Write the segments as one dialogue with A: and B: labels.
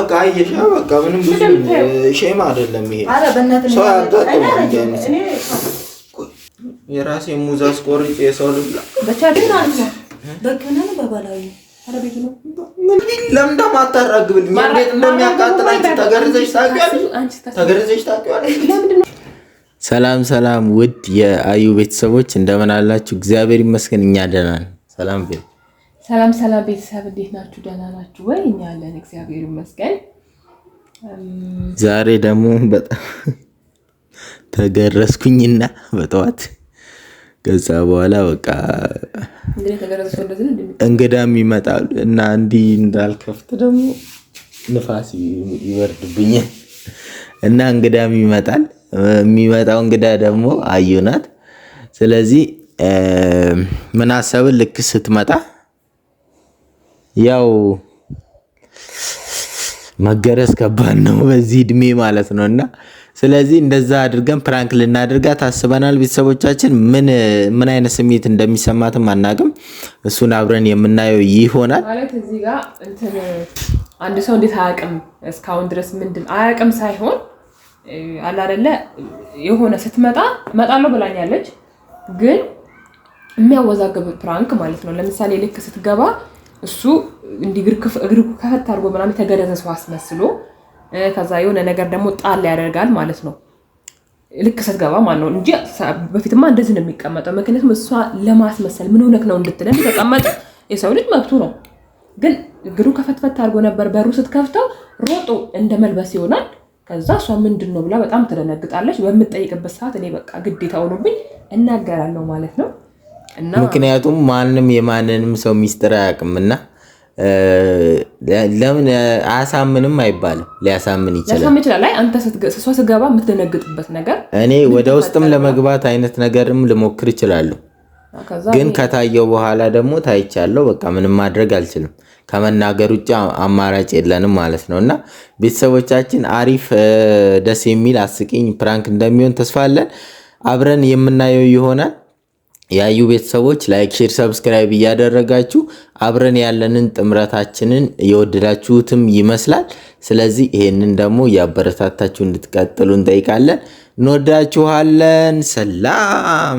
A: በቃ አየሽ፣ በቃ ምንም ብዙ ሼም አይደለም ይሄ ሰው ያጋጥም። የራሴ ሙዝ አስቆርጬ የሰው ልብላ ብቻ ለምን እንደማታራግብልኝ እንደሚያቃጥል እንደሚያቃጥላችሁ ተገርዘሽ ታውቂያለሽ? ተገርዘሽ ታውቂያለሽ? ሰላም ሰላም፣ ውድ የአዩ ቤተሰቦች እንደምን አላችሁ? እግዚአብሔር ይመስገን እኛ ደህና ነን። ሰላም ቤት
B: ሰላም ሰላም ቤተሰብ እንዴት ናችሁ? ደህና ናችሁ ወይ? እኛ ያለን እግዚአብሔር ይመስገን።
A: ዛሬ ደግሞ በጣም ተገረዝኩኝና በጠዋት ከዛ በኋላ በቃ እንግዳም ይመጣል እና እንዲህ እንዳልከፍት ደግሞ ንፋስ ይበርድብኛል። እና እንግዳም ይመጣል። የሚመጣው እንግዳ ደግሞ አዩ ናት። ስለዚህ ምን ሀሳብን ልክ ስትመጣ ያው መገረዝ ከባድ ነው በዚህ እድሜ ማለት ነው። እና ስለዚህ እንደዛ አድርገን ፕራንክ ልናደርጋት አስበናል። ቤተሰቦቻችን ምን ምን አይነት ስሜት እንደሚሰማትም አናቅም እሱን አብረን የምናየው ይሆናል።
B: ማለት እዚህ ጋር እንትን አንድ ሰው እንዴት አያውቅም እስካሁን ድረስ ምንድን አያውቅም ሳይሆን አላደለ የሆነ ስትመጣ እመጣለሁ ብላኛለች፣ ግን የሚያወዛግብ ፕራንክ ማለት ነው። ለምሳሌ ልክ ስትገባ እሱ እንዲህ እግር ከፈት አድርጎ ምናምን የተገረዘ ሰው አስመስሎ ከዛ የሆነ ነገር ደግሞ ጣል ያደርጋል ማለት ነው። ልክ ስትገባ ማለት ነው እንጂ በፊትማ እንደዚህ ነው የሚቀመጠው። ምክንያቱም እሷ ለማስመሰል ምን እውነት ነው እንድትለ የተቀመጠ የሰው ልጅ መብቱ ነው። ግን እግሩ ከፈትፈት አድርጎ ነበር። በሩ ስትከፍተው ሮጦ እንደ መልበስ ይሆናል። ከዛ እሷ ምንድን ነው ብላ በጣም ትደነግጣለች። በምጠይቅበት ሰዓት እኔ በቃ ግዴታ ሆኖብኝ እናገራለሁ ማለት ነው።
A: ምክንያቱም ማንም የማንንም ሰው ሚስጥር አያውቅምና ለምን አያሳምንም አይባልም። ሊያሳምን ይችላል። አንተ የምትደነግጥበት ነገር እኔ ወደ ውስጥም ለመግባት አይነት ነገርም ልሞክር ይችላሉ ግን ከታየው በኋላ ደግሞ ታይቻለሁ፣ በቃ ምንም ማድረግ አልችልም። ከመናገር ውጭ አማራጭ የለንም ማለት ነው እና ቤተሰቦቻችን አሪፍ ደስ የሚል አስቂኝ ፕራንክ እንደሚሆን ተስፋ አለን። አብረን የምናየው ይሆናል። ያዩ ቤተሰቦች ላይክ፣ ሼር፣ ሰብስክራይብ እያደረጋችሁ አብረን ያለንን ጥምረታችንን የወደዳችሁትም ይመስላል። ስለዚህ ይሄንን ደግሞ እያበረታታችሁ እንድትቀጥሉ እንጠይቃለን። እንወዳችኋለን። ሰላም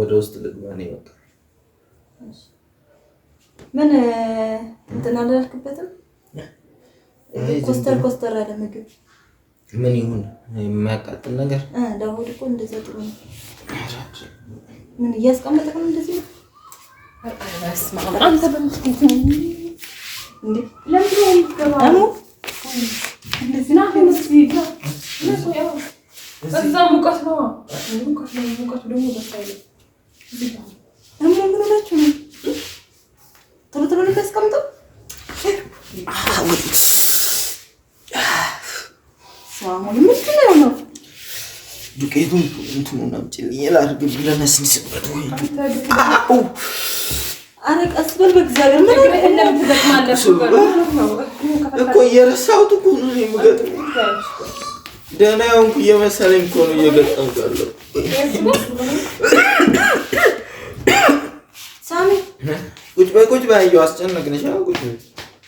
A: ወደ ውስጥ ልግባ።
B: ምን እንትን አላልክበትም? ኮስተር ኮስተር ያለ ምግብ
A: ምን ይሁን የሚያቃጥል ነገር
B: ለሆድ እኮ እንደዛ ጥሩ ነው። ምን እያስቀመጥክ ነው እንደዚህ? አንተ በምትኩት እዛ ሙቀት ነው። ሙቀት ነው። ሙቀቱ ደግሞ ደስ አይልም። እሞ ምን ሆናችሁ ነው? ቶሎ ቶሎ ነው ያስቀምጠው። አሁን ምንድን ነው ነው
A: ዱቄቱን እንትኑን አምጪልኝ ላድርግ ብለነስንስበት ወይ ቀስ በል በእግዚአብሔር። እኮ እየረሳሁት እኮ ነው የምገጥመው ደህና የሆንኩ እየመሰለኝ እኮ ነው እየገጠምኩ ቁጭ በይ ቁጭ በይ አየሁ አስጨነቅንሽ።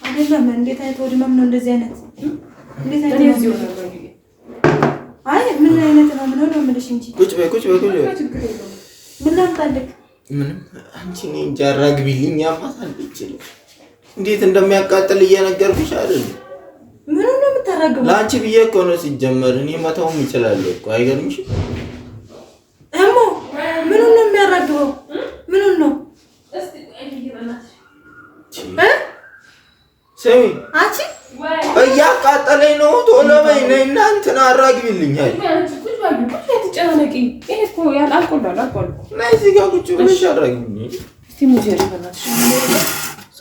B: አይደለም እንዴት አይነት ወድመም ነው እንደዚህ አይነት እንዴት አይነት አይ ምን አይነት ነው ምን እንጂ ምን
A: አንቺ እንዴት እንደሚያቃጥል እየነገርኩሽ አይደል
B: ምን ነው የምታራግበው?
A: ለአንቺ ብዬ እኮ ነው ሲጀመር። እኔ መተውም ይችላል እኮ አይገርምሽ?
B: እሞ ምን ነው የሚያራግበው? ምን ነው
A: ስሚ፣ እያቃጠለኝ ነው። ቶሎ በይ ነይ እና እንትን አራግቢልኝ ነይ እዚህ ቁጭ ብለሽ አራግቢልኝ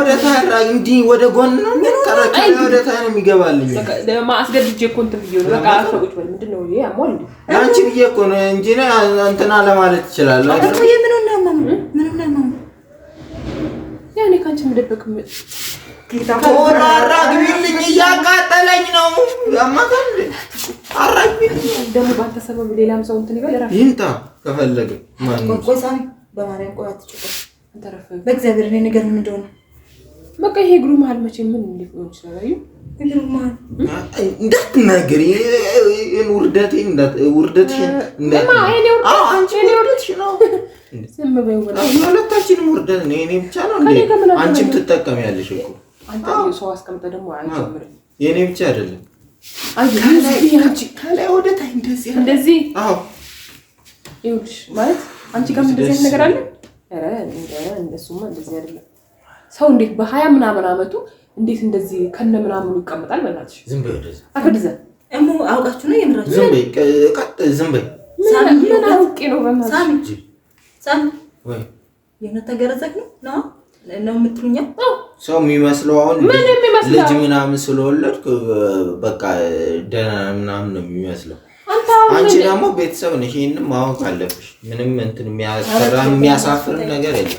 A: ወደ ታራ እንዲህ ወደ ጎን ነው ወደ ታራ ነው የሚገባልኝ። አስገድጄ እኮ እንትን ብዬሽ ነው። በቃ እንጂ እንትና ለማለት ይችላል። አራግቢልኝ፣ እያቃጠለኝ ነው። አራግቢልኝ። ደግሞ በአንተ ሰበብ ሌላም ሰው እንትን ይበል ይምጣ ከፈለገ ማን ቆይ ሳሚ በማርያም
B: ቆይ አትጮህ። በእግዚአብሔር እኔ ነገር ምን እንደሆነ በቃ ይሄ እግሩ መሀል መቼ ምን ሊሆን ይችላል?
A: አዩ እንዳትናገሪ ውርደቴ ውርደት ነው። የኔ ብቻ ነው እንዴ? አንቺም ትጠቀሚያለሽ እኮ ሰው አስቀምጠ ደግሞ የእኔ ብቻ አይደለም። ከላይ ወደታይ እንደዚህ
B: እንደዚህ ይኸውልሽ ማለት አንቺ ጋር እንደዚህ ነገር አለ። እሱማ እንደዚህ አይደለም ሰው እንዴት በሀያ ምናምን አመቱ እንዴት እንደዚህ ከነ ምናምኑ ይቀመጣል? በእናትሽ ዝም በይ አፈድዘ እሙ አውቃችሁ ነው የምራችሁ።
A: ዝም በይ ቀጥ ዝም በይ። ምን አውቄ ነው
B: በእናትሽ ሳሚ ወይ ተገረዘክ ነው ነው ነው
A: ሰው የሚመስለው አሁን ልጅ ምናምን ስለወለድክ በቃ ደህና ምናምን ነው የሚመስለው። አንቺ ደግሞ ቤተሰብ ነሽ፣ ይህንም ማወቅ አለብሽ። ምንም እንትን የሚያሳፍር ነገር የለም።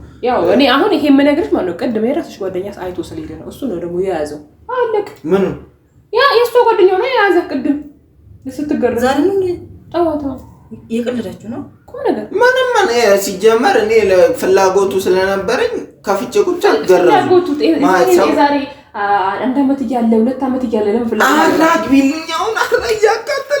B: ያው እኔ አሁን ይሄ የምነግርሽ ማለት ነው፣ ቅድም የራስሽ ጓደኛ አይቶ ስለሄደ ነው። እሱ ነው ደግሞ የያዘው።
A: አለቅ ምን
B: ያ የእሱ ጓደኛው ነው የያዘ። ቅድም ስትገረዝ ዛሬ ጠዋት የቀለዳችሁ ነው እኮ
A: ነገር ምንም ምን ሲጀመር እኔ ፍላጎቱ ስለነበረኝ ከፍቼ ቁጭ አልገረዝም። ፍላጎቱ
B: ዛሬ አንድ አመት እያለ ሁለት አመት እያለ ለምን
A: ፍላጎት አላግቢልኛውን አላ እያቃጠለ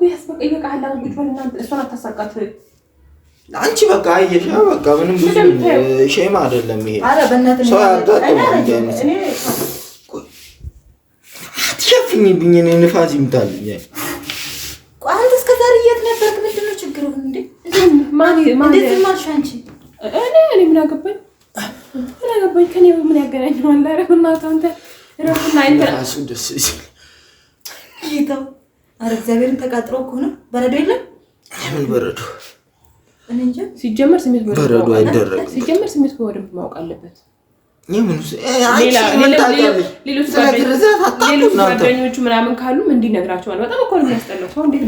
B: ቢያንስ በቃ ይበቃሃል። እሷን አታሳቃት።
A: አንቺ በቃ አየሽ፣ በቃ ምንም ብዙ ሼም አይደለም ይሄ ሰው ያጋጥማል። አትሸፍኝብኝ፣ እኔ ንፋስ ይምታልኝ።
B: አንተ እስከ ዛሬ የት ነበርክ? ምንድን ነው ችግሩ? እኔ ምን አገባኝ? ምን አገባኝ? ከኔ ምን ያገናኘዋል? ኧረ በእናትህ አንተ አረ እግዚአብሔርን ተቃጥሮ ከሆነ በረዶ የለም። ምን በረዶ ሲጀመር ስሜት በረዶ አይደረግም። ሲጀመር ስሜት በደንብ ማወቅ አለበት። ሌሎች ጓደኞቹ ምናምን ካሉ እንዲህ ነግራቸዋል። በጣም እኮ ነው የሚያስጠላው። ሰው እንዴት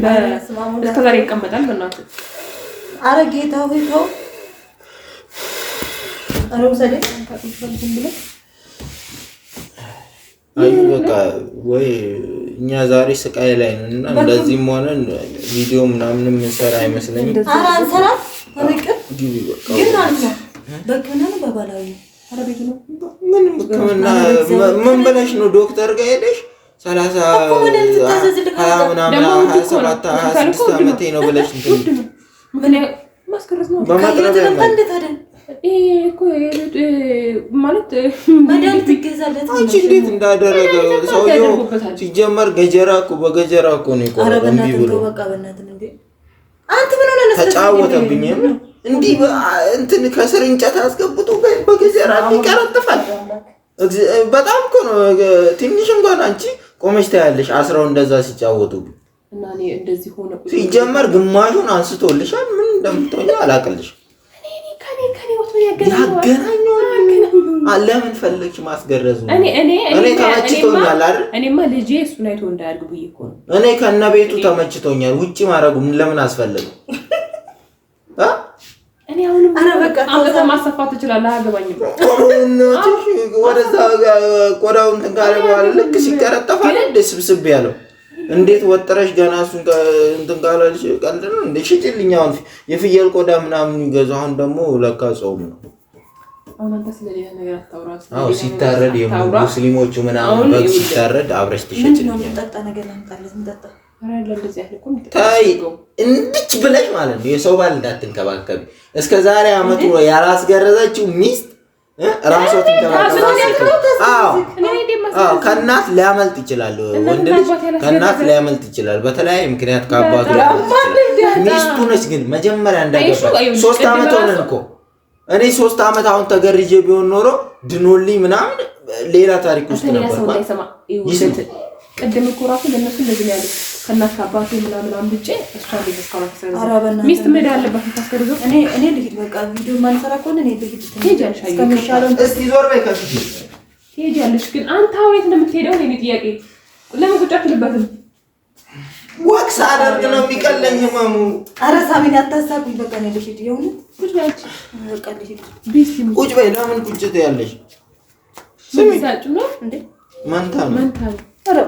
B: እስከ ዛሬ ይቀመጣል? በእናትህ አረ ጌታ ሆይ ተው፣ አረ ውሰደኝ
A: አይ በቃ ወይ እኛ ዛሬ ስቃይ ላይ ነን እና እንደዚህም ሆነ ቪዲዮ ምናምን የምንሰራ አይመስለኝም። ምን ብለሽ ነው ዶክተር ጋር ሄደሽ ሰላሳ ሀያ ምናምን ሀያ ሰባት
B: ሀያ ስድስት ዓመቴ ነው ብለሽ ማለት
A: እንዳደረገ ሲጀመር ገጀራ እኮ በገጀራ እኮ ነው እምቢ ብሎ ተጫወተብኝ። እንዲህ እንትን ከስር እንጨት አስገብቶ በገጀራ ይቀረጥፋል። በጣም እኮ ነው። ትንሽ እንኳን አንቺ ቆመች ታያለሽ። አስራው እንደዛ ሲጫወቱብኝ ሲጀመር ግማሹን አንስቶልሻል። ምን እንደምትሆኝ አላቅልሽ ያገናኘዋል። ለምን ፈለግሽ ማስገረዝ ነው?
B: እኔማ ልጄ እሱን አይቶ እንዳያድግ ብዬሽ እኮ ነው።
A: እኔ ከነ ቤቱ ተመችቶኛል። ውጭ ማድረጉ ለምን አስፈለገ?
B: ማሰፋት ትችላለህ። አያገባኝም።
A: ቆዳውን ትንካለ በኋላ ልክ ሲቀረጠፋል ስብስብ ያለው እንዴት ወጠረሽ ገና እሱን እንትን ካላለሽ ቀልድ ነው እንደ ሽጭልኝ። አሁን የፍየል ቆዳ ምናምን ይገዛ። አሁን ደግሞ ለካ ጾም ነው። አዎ ሲታረድ የሙስሊሞቹ ምናምን በግ ሲታረድ አብረሽ ትሸጭልኝ። ታይ እንድች ብለሽ ማለት ነው የሰው ባል እንዳትንከባከቢ። እስከ ዛሬ አመቱ ያላስገረዘችው ሚስት ራሷ ትንከባከባ ከእናት ሊያመልጥ ይችላል። ወንድ ልጅ ከእናት ሊያመልጥ ይችላል በተለያየ ምክንያት ከአባቱ ሚስቱ ነች። ግን መጀመሪያ እንዳገባ ሶስት ዓመት ሆነን እኮ እኔ ሶስት ዓመት አሁን ተገርዤ ቢሆን ኖሮ ድኖልኝ ምናምን ሌላ ታሪክ ውስጥ ነበር።
B: ቅድም እኮ ራሱ ለእነሱ እንደዚህ ነው ያሉት ከእናት ከአባቱ ምናምን አምልጬ እሷ ሚስት መሄድ አለባት። እኔ ልሂድ በቃ ቪዲዮ ማንሰራ
A: ከሆነ እኔ ልሂድ እስኪ ዞር በይ ከፊት
B: ትሄጃለሽ። ግን አንተ አሁን እንደምትሄደው ነው ጥያቄ። ለምን ቁጭ አትልበትም?
A: ወቅስ አደርግ ነው የሚቀለኝ ህመሙ።
B: ኧረ ሳሚን አታሳቢኝ። በቃ ነው ልጅ ይሁን ቁጭ በይ።
A: በቃ ልጅ ቁጭ በይ። ለምን ቁጭ ትያለሽ?
B: ስሚ ሳጭ ነው እንዴ
A: ማንታ ነው ማንታ ነው።
B: ኧረ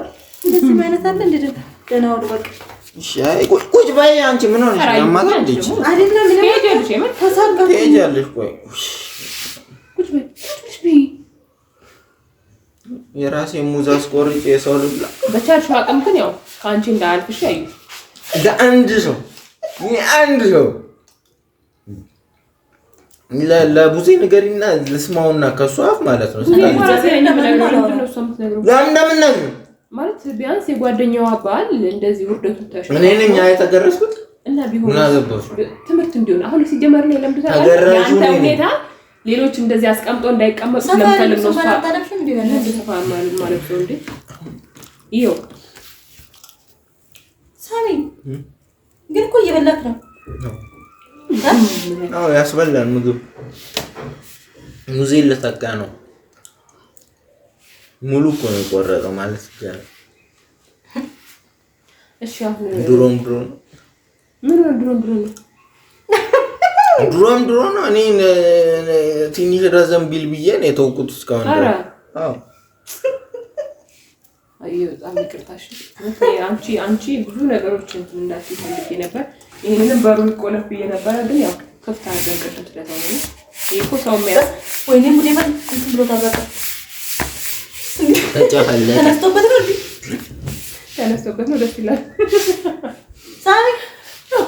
B: እንደዚህ ማለት አለ እንዴ? ደህና ወደ
A: በቃ ቁጭ በይ። አንቺ ምን ሆነሽ ማታ እንዴ አይደለም። ምን
B: ቆይ ቁጭ በይ፣ ቁጭ በይ
A: የራሴ ሙዝ አስቆርጬ የሰው ልብላ።
B: በቻልሽው አቅም ግን ያው ከአንቺ እንዳያልፍሽ ያዩ
A: ለአንድ ሰው አንድ ሰው ለቡዜ ንገሪና ልስማውና ከሱ አፍ ማለት ነው።
B: ማለት ቢያንስ የጓደኛዋ ባል እንደዚህ ውርደቱ
A: እኔ ነኝ የተገረዝኩት እና ቢሆን ትምህርት እንዲሆን አሁን ሲጀመር ነው የለምዱታ
B: ሁኔታ ሌሎች እንደዚህ አስቀምጦ እንዳይቀመጡ ስለምፈልግ ነው። ሳሚ ግን እኮ እየበላክ ነው።
A: ያስበላል። ምግብ ሙዜ ለተቃ ነው። ሙሉ እኮ ነው የቆረጠው ማለት ይቻላል። ድሮን ድሮን
B: ምን ድሮን ድሮን ነው
A: ድሮም ድሮ ነው። እኔ ትንሽ ረዘም ቢል ብዬ ነው የተውኩት እስካሁን።
B: በጣም ይቅርታሽ። አንቺ አንቺ ብዙ ነገሮችን እንዳት ፈልጌ ነበር። ይህንንም በሩን ቆለፍ ብዬ ነበረ፣ ግን ያው ክፍት አድርገን ቅድም ስለተሆነ ይህ እኮ ሰው ሚያ ወይኔ ሙሌመን እንትን ብሎ ታዛቀ ተነስቶበት ነው ደስ ይላል።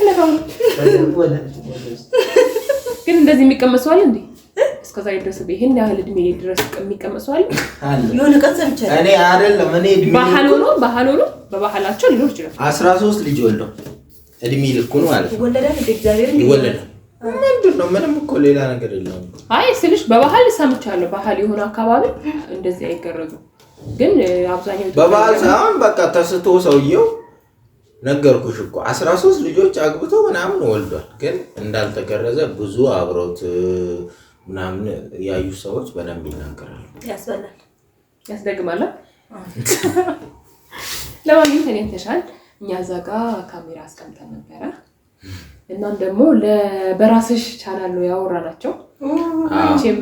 B: አይለፈውም። ግን እንደዚህ የሚቀመጥ እንዴ? እስከዛ ድረስ ይሄን ያህል እድሜ ድረስ የሚቀመጥ ሰው አለ? የሆነ
A: ቀን ሰምቻለሁ። እኔ አይደለም እኔ
B: እድሜ ባህል ሆኖ ባህል ሆኖ በባህላቸው ሊኖር
A: ይችላል። አስራ ሶስት ልጅ ወለው እድሜ ልኩን ማለት ነው ይወለዳል። እግዚአብሔር ምንድን ነው? ምንም እኮ ሌላ ነገር የለውም።
B: አይ ስልሽ በባህል ሰምቻለሁ። ባህል የሆነ አካባቢ እንደዚህ አይገረዙም። ግን አብዛኛው
A: በባህል ሳይሆን በቃ ተስቶ ሰውየው ነገርኩሽ እኮ አስራ ሶስት ልጆች አግብቶ ምናምን ወልዷል። ግን እንዳልተገረዘ ብዙ አብሮት ምናምን ያዩ ሰዎች በደንብ ይናገራሉ።
B: ያስበላል፣ ያስደግማል። ለማንኛውም እኔ ተሻል እኛ እዛ ጋ ካሜራ አስቀምጠን ነበረ። እናም ደግሞ በራስሽ ቻናል ያወራ ናቸው ቼም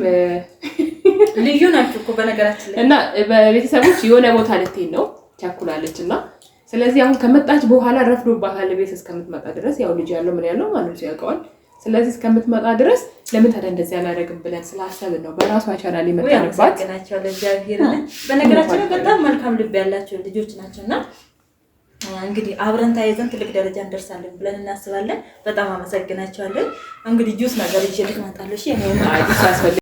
B: ልዩ ናቸው እኮ በነገራችን ላይ እና በቤተሰቦች የሆነ ቦታ ልትሄድ ነው ቻኩላለች እና ስለዚህ አሁን ከመጣች በኋላ ረፍዶባታል። ቤት እስከምትመጣ ድረስ ያው ልጅ ያለው ምን ያለው ማንም ሰው ያውቀዋል። ስለዚህ እስከምትመጣ ድረስ ለምን ታዲያ እንደዚህ አላደርግም ብለን ስላሰብን ነው። በራሷ ቻናል የመጣንባት ናቸው። ለእግዚአብሔር በነገራችን በጣም መልካም ልብ ያላቸው ልጆች ናቸው እና እንግዲህ አብረን ተያይዘን ትልቅ ደረጃ እንደርሳለን ብለን እናስባለን። በጣም አመሰግናቸዋለን። እንግዲህ ጁስ ነገር ይችል ይመጣሉ ያስፈልግ